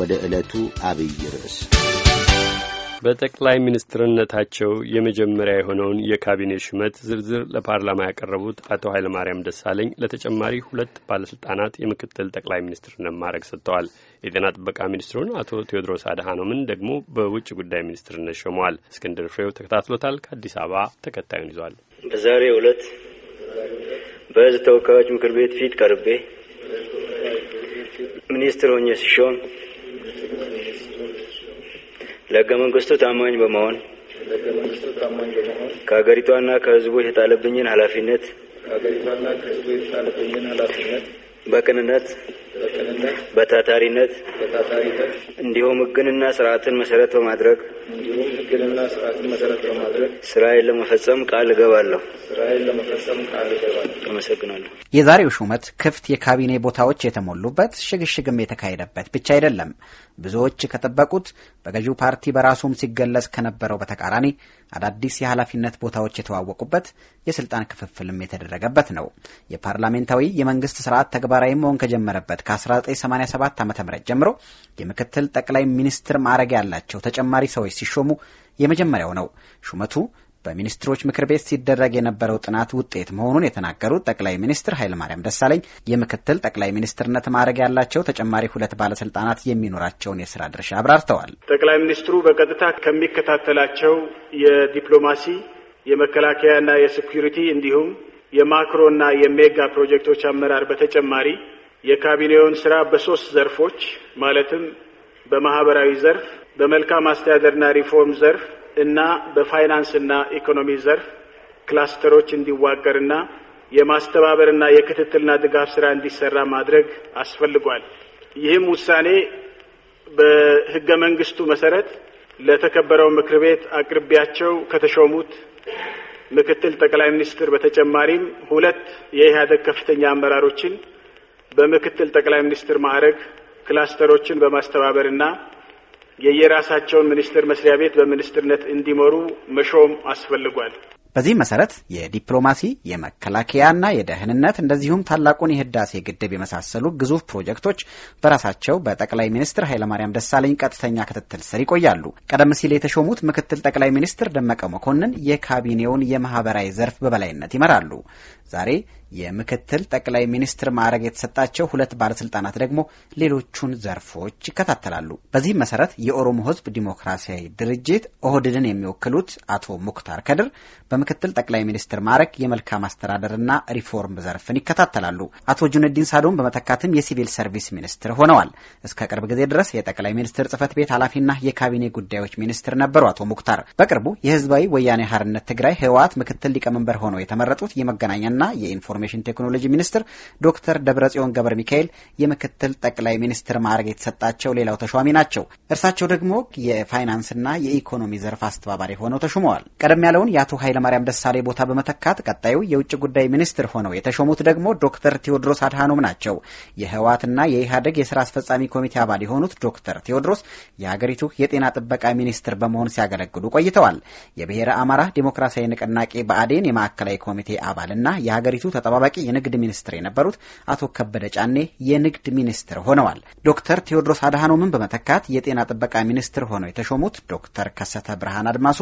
ወደ ዕለቱ አብይ ርዕስ በጠቅላይ ሚኒስትርነታቸው የመጀመሪያ የሆነውን የካቢኔ ሹመት ዝርዝር ለፓርላማ ያቀረቡት አቶ ኃይለማርያም ደሳለኝ ለተጨማሪ ሁለት ባለስልጣናት የምክትል ጠቅላይ ሚኒስትርነት ማዕረግ ሰጥተዋል። የጤና ጥበቃ ሚኒስትሩን አቶ ቴዎድሮስ አድሃኖምን ደግሞ በውጭ ጉዳይ ሚኒስትርነት ሾመዋል። እስክንድር ፍሬው ተከታትሎታል። ከአዲስ አበባ ተከታዩን ይዟል። በዛሬው ዕለት በህዝብ ተወካዮች ምክር ቤት ፊት ቀርቤ ሚኒስትር ሆኜ ሲሾም ለህገ መንግስቱ ታማኝ በመሆን ከሀገሪቷና ከህዝቡ የተጣለብኝን ኃላፊነት በቅንነት በታታሪነት እንዲሁም ህግንና ስርዓትን መሰረት በማድረግ ስራዬን ለመፈጸም ቃል እገባለሁ። አመሰግናለሁ። የዛሬው ሹመት ክፍት የካቢኔ ቦታዎች የተሞሉበት ሽግሽግም የተካሄደበት ብቻ አይደለም። ብዙዎች ከጠበቁት በገዢው ፓርቲ በራሱም ሲገለጽ ከነበረው በተቃራኒ አዳዲስ የኃላፊነት ቦታዎች የተዋወቁበት የስልጣን ክፍፍልም የተደረገበት ነው። የፓርላሜንታዊ የመንግስት ስርዓት ተግባራዊ መሆን ከጀመረበት ከ1987 ዓ ም ጀምሮ የምክትል ጠቅላይ ሚኒስትር ማዕረግ ያላቸው ተጨማሪ ሰዎች ሲሾሙ የመጀመሪያው ነው። ሹመቱ በሚኒስትሮች ምክር ቤት ሲደረግ የነበረው ጥናት ውጤት መሆኑን የተናገሩት ጠቅላይ ሚኒስትር ኃይለማርያም ደሳለኝ የምክትል ጠቅላይ ሚኒስትርነት ማዕረግ ያላቸው ተጨማሪ ሁለት ባለስልጣናት የሚኖራቸውን የስራ ድርሻ አብራርተዋል። ጠቅላይ ሚኒስትሩ በቀጥታ ከሚከታተላቸው የዲፕሎማሲ፣ የመከላከያና የሴኩሪቲ እንዲሁም የማክሮና የሜጋ ፕሮጀክቶች አመራር በተጨማሪ የካቢኔውን ስራ በሶስት ዘርፎች ማለትም በማህበራዊ ዘርፍ፣ በመልካም አስተዳደርና ሪፎርም ዘርፍ እና በፋይናንስና ኢኮኖሚ ዘርፍ ክላስተሮች እንዲዋቀርና የማስተባበርና የክትትልና ድጋፍ ስራ እንዲሰራ ማድረግ አስፈልጓል። ይህም ውሳኔ በህገ መንግስቱ መሰረት ለተከበረው ምክር ቤት አቅርቢያቸው ከተሾሙት ምክትል ጠቅላይ ሚኒስትር በተጨማሪም ሁለት የኢህአደግ ከፍተኛ አመራሮችን በምክትል ጠቅላይ ሚኒስትር ማዕረግ ክላስተሮችን በማስተባበርና የየራሳቸውን ሚኒስቴር መስሪያ ቤት በሚኒስትርነት እንዲመሩ መሾም አስፈልጓል። በዚህ መሰረት የዲፕሎማሲ የመከላከያና የደህንነት እንደዚሁም ታላቁን የህዳሴ ግድብ የመሳሰሉ ግዙፍ ፕሮጀክቶች በራሳቸው በጠቅላይ ሚኒስትር ኃይለማርያም ደሳለኝ ቀጥተኛ ክትትል ስር ይቆያሉ። ቀደም ሲል የተሾሙት ምክትል ጠቅላይ ሚኒስትር ደመቀ መኮንን የካቢኔውን የማህበራዊ ዘርፍ በበላይነት ይመራሉ። ዛሬ የምክትል ጠቅላይ ሚኒስትር ማዕረግ የተሰጣቸው ሁለት ባለስልጣናት ደግሞ ሌሎቹን ዘርፎች ይከታተላሉ። በዚህም መሰረት የኦሮሞ ህዝብ ዲሞክራሲያዊ ድርጅት ኦህድድን የሚወክሉት አቶ ሙክታር ከድር በምክትል ጠቅላይ ሚኒስትር ማዕረግ የመልካም አስተዳደርና ሪፎርም ዘርፍን ይከታተላሉ። አቶ ጁነዲን ሳዶን በመተካትም የሲቪል ሰርቪስ ሚኒስትር ሆነዋል። እስከ ቅርብ ጊዜ ድረስ የጠቅላይ ሚኒስትር ጽህፈት ቤት ኃላፊና የካቢኔ ጉዳዮች ሚኒስትር ነበሩ አቶ ሙክታር። በቅርቡ የህዝባዊ ወያኔ ሀርነት ትግራይ ህወሓት ምክትል ሊቀመንበር ሆነው የተመረጡት የመገናኛና የኢንፎር ኢንፎርሜሽን ቴክኖሎጂ ሚኒስትር ዶክተር ደብረጽዮን ገብረ ሚካኤል የምክትል ጠቅላይ ሚኒስትር ማዕረግ የተሰጣቸው ሌላው ተሿሚ ናቸው። እርሳቸው ደግሞ የፋይናንስና የኢኮኖሚ ዘርፍ አስተባባሪ ሆነው ተሹመዋል። ቀደም ያለውን የአቶ ኃይለማርያም ደሳሌ ቦታ በመተካት ቀጣዩ የውጭ ጉዳይ ሚኒስትር ሆነው የተሾሙት ደግሞ ዶክተር ቴዎድሮስ አድሃኖም ናቸው። የህወሓትና የኢህአዴግ የስራ አስፈጻሚ ኮሚቴ አባል የሆኑት ዶክተር ቴዎድሮስ የሀገሪቱ የጤና ጥበቃ ሚኒስትር በመሆን ሲያገለግሉ ቆይተዋል። የብሔረ አማራ ዴሞክራሲያዊ ንቅናቄ በአዴን የማዕከላዊ ኮሚቴ አባልና የሀገሪቱ ተጠባባቂ የንግድ ሚኒስትር የነበሩት አቶ ከበደ ጫኔ የንግድ ሚኒስትር ሆነዋል። ዶክተር ቴዎድሮስ አድሃኖምን በመተካት የጤና ጥበቃ ሚኒስትር ሆነው የተሾሙት ዶክተር ከሰተ ብርሃን አድማሱ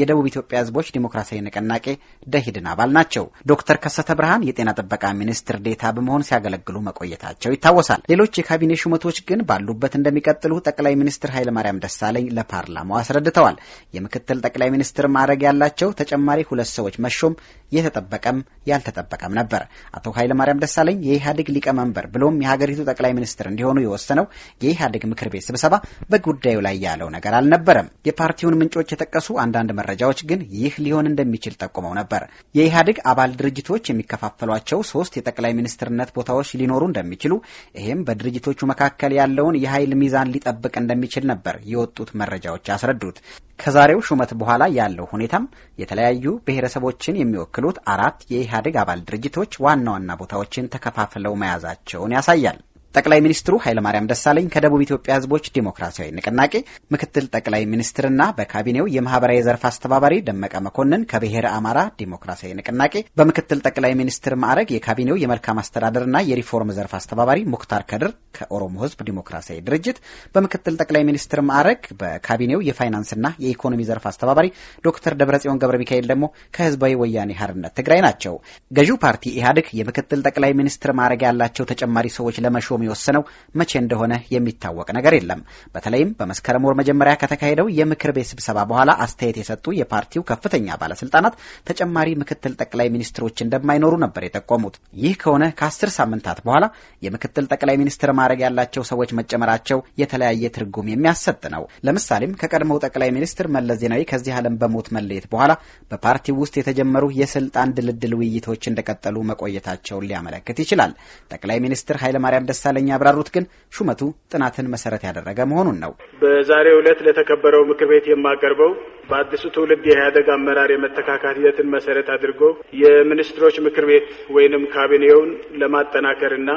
የደቡብ ኢትዮጵያ ሕዝቦች ዲሞክራሲያዊ ንቅናቄ ደሂድን አባል ናቸው። ዶክተር ከሰተ ብርሃን የጤና ጥበቃ ሚኒስትር ዴታ በመሆን ሲያገለግሉ መቆየታቸው ይታወሳል። ሌሎች የካቢኔ ሹመቶች ግን ባሉበት እንደሚቀጥሉ ጠቅላይ ሚኒስትር ኃይለማርያም ደሳለኝ ለፓርላማው አስረድተዋል። የምክትል ጠቅላይ ሚኒስትር ማዕረግ ያላቸው ተጨማሪ ሁለት ሰዎች መሾም የተጠበቀም ያልተጠበቀም ነበር። ነበር። አቶ ኃይለማርያም ደሳለኝ የኢህአዴግ ሊቀመንበር ብሎም የሀገሪቱ ጠቅላይ ሚኒስትር እንዲሆኑ የወሰነው የኢህአዴግ ምክር ቤት ስብሰባ በጉዳዩ ላይ ያለው ነገር አልነበረም። የፓርቲውን ምንጮች የጠቀሱ አንዳንድ መረጃዎች ግን ይህ ሊሆን እንደሚችል ጠቁመው ነበር። የኢህአዴግ አባል ድርጅቶች የሚከፋፈሏቸው ሶስት የጠቅላይ ሚኒስትርነት ቦታዎች ሊኖሩ እንደሚችሉ ይህም በድርጅቶቹ መካከል ያለውን የኃይል ሚዛን ሊጠብቅ እንደሚችል ነበር የወጡት መረጃዎች ያስረዱት። ከዛሬው ሹመት በኋላ ያለው ሁኔታም የተለያዩ ብሔረሰቦችን የሚወክሉት አራት የኢህአዴግ አባል ድርጅቶች ድርጅቶች ዋና ዋና ቦታዎችን ተከፋፍለው መያዛቸውን ያሳያል። ጠቅላይ ሚኒስትሩ ኃይለማርያም ደሳለኝ ከደቡብ ኢትዮጵያ ህዝቦች ዲሞክራሲያዊ ንቅናቄ ምክትል ጠቅላይ ሚኒስትርና በካቢኔው የማህበራዊ ዘርፍ አስተባባሪ ደመቀ መኮንን ከብሔረ አማራ ዲሞክራሲያዊ ንቅናቄ በምክትል ጠቅላይ ሚኒስትር ማዕረግ የካቢኔው የመልካም አስተዳደርና የሪፎርም ዘርፍ አስተባባሪ ሙክታር ከድር ከኦሮሞ ህዝብ ዲሞክራሲያዊ ድርጅት በምክትል ጠቅላይ ሚኒስትር ማዕረግ በካቢኔው የፋይናንስና የኢኮኖሚ ዘርፍ አስተባባሪ ዶክተር ደብረጽዮን ገብረ ሚካኤል ደግሞ ከህዝባዊ ወያኔ ሀርነት ትግራይ ናቸው። ገዢው ፓርቲ ኢህአዴግ የምክትል ጠቅላይ ሚኒስትር ማዕረግ ያላቸው ተጨማሪ ሰዎች ለመሾ የሚወስነው መቼ እንደሆነ የሚታወቅ ነገር የለም። በተለይም በመስከረም ወር መጀመሪያ ከተካሄደው የምክር ቤት ስብሰባ በኋላ አስተያየት የሰጡ የፓርቲው ከፍተኛ ባለስልጣናት ተጨማሪ ምክትል ጠቅላይ ሚኒስትሮች እንደማይኖሩ ነበር የጠቆሙት። ይህ ከሆነ ከአስር ሳምንታት በኋላ የምክትል ጠቅላይ ሚኒስትር ማዕረግ ያላቸው ሰዎች መጨመራቸው የተለያየ ትርጉም የሚያሰጥ ነው። ለምሳሌም ከቀድሞው ጠቅላይ ሚኒስትር መለስ ዜናዊ ከዚህ ዓለም በሞት መለየት በኋላ በፓርቲው ውስጥ የተጀመሩ የስልጣን ድልድል ውይይቶች እንደቀጠሉ መቆየታቸውን ሊያመለክት ይችላል። ጠቅላይ ሚኒስትር ኃይለማርያም ደሳ ደሳለኝ ያብራሩት ግን ሹመቱ ጥናትን መሰረት ያደረገ መሆኑን ነው። በዛሬው ዕለት ለተከበረው ምክር ቤት የማቀርበው በአዲሱ ትውልድ የኢህአደግ አመራር የመተካካት ሂደትን መሰረት አድርጎ የሚኒስትሮች ምክር ቤት ወይንም ካቢኔውን ለማጠናከርና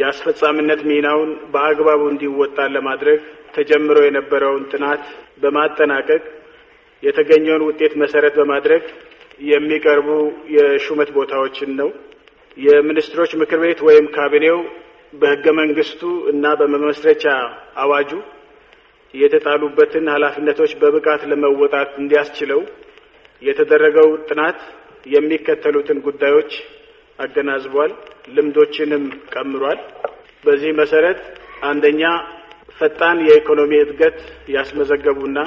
የአስፈጻሚነት ሚናውን በአግባቡ እንዲወጣ ለማድረግ ተጀምሮ የነበረውን ጥናት በማጠናቀቅ የተገኘውን ውጤት መሰረት በማድረግ የሚቀርቡ የሹመት ቦታዎችን ነው። የሚኒስትሮች ምክር ቤት ወይም ካቢኔው በህገ መንግስቱ እና በመመስረቻ አዋጁ የተጣሉበትን ኃላፊነቶች በብቃት ለመወጣት እንዲያስችለው የተደረገው ጥናት የሚከተሉትን ጉዳዮች አገናዝቧል፣ ልምዶችንም ቀምሯል። በዚህ መሰረት አንደኛ ፈጣን የኢኮኖሚ እድገት ያስመዘገቡና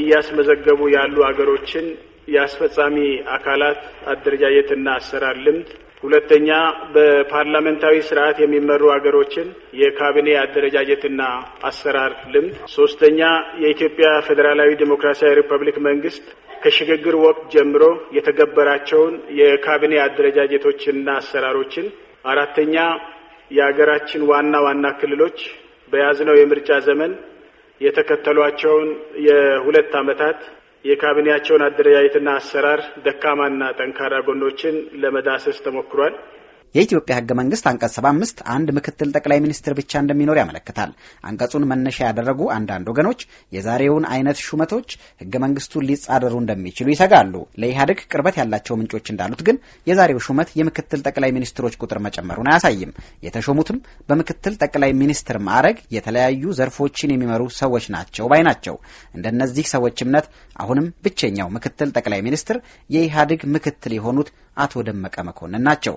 እያስመዘገቡ ያሉ አገሮችን የአስፈጻሚ አካላት አደረጃጀትና አሰራር ልምድ ሁለተኛ በፓርላሜንታዊ ስርዓት የሚመሩ አገሮችን የካቢኔ አደረጃጀትና አሰራር ልምድ። ሶስተኛ የኢትዮጵያ ፌዴራላዊ ዴሞክራሲያዊ ሪፐብሊክ መንግስት ከሽግግር ወቅት ጀምሮ የተገበራቸውን የካቢኔ አደረጃጀቶችና አሰራሮችን። አራተኛ የሀገራችን ዋና ዋና ክልሎች በያዝነው የምርጫ ዘመን የተከተሏቸውን የሁለት ዓመታት የካቢኔያቸውን አደረጃጀትና አሰራር ደካማና ጠንካራ ጎኖችን ለመዳሰስ ተሞክሯል። የኢትዮጵያ ህገ መንግስት አንቀጽ 75 አንድ ምክትል ጠቅላይ ሚኒስትር ብቻ እንደሚኖር ያመለክታል። አንቀጹን መነሻ ያደረጉ አንዳንድ ወገኖች የዛሬውን አይነት ሹመቶች ህገ መንግስቱን ሊጻረሩ እንደሚችሉ ይሰጋሉ። ለኢህአዴግ ቅርበት ያላቸው ምንጮች እንዳሉት ግን የዛሬው ሹመት የምክትል ጠቅላይ ሚኒስትሮች ቁጥር መጨመሩን አያሳይም። የተሾሙትም በምክትል ጠቅላይ ሚኒስትር ማዕረግ የተለያዩ ዘርፎችን የሚመሩ ሰዎች ናቸው ባይ ናቸው። እንደነዚህ ሰዎች እምነት አሁንም ብቸኛው ምክትል ጠቅላይ ሚኒስትር የኢህአዴግ ምክትል የሆኑት አቶ ደመቀ መኮንን ናቸው።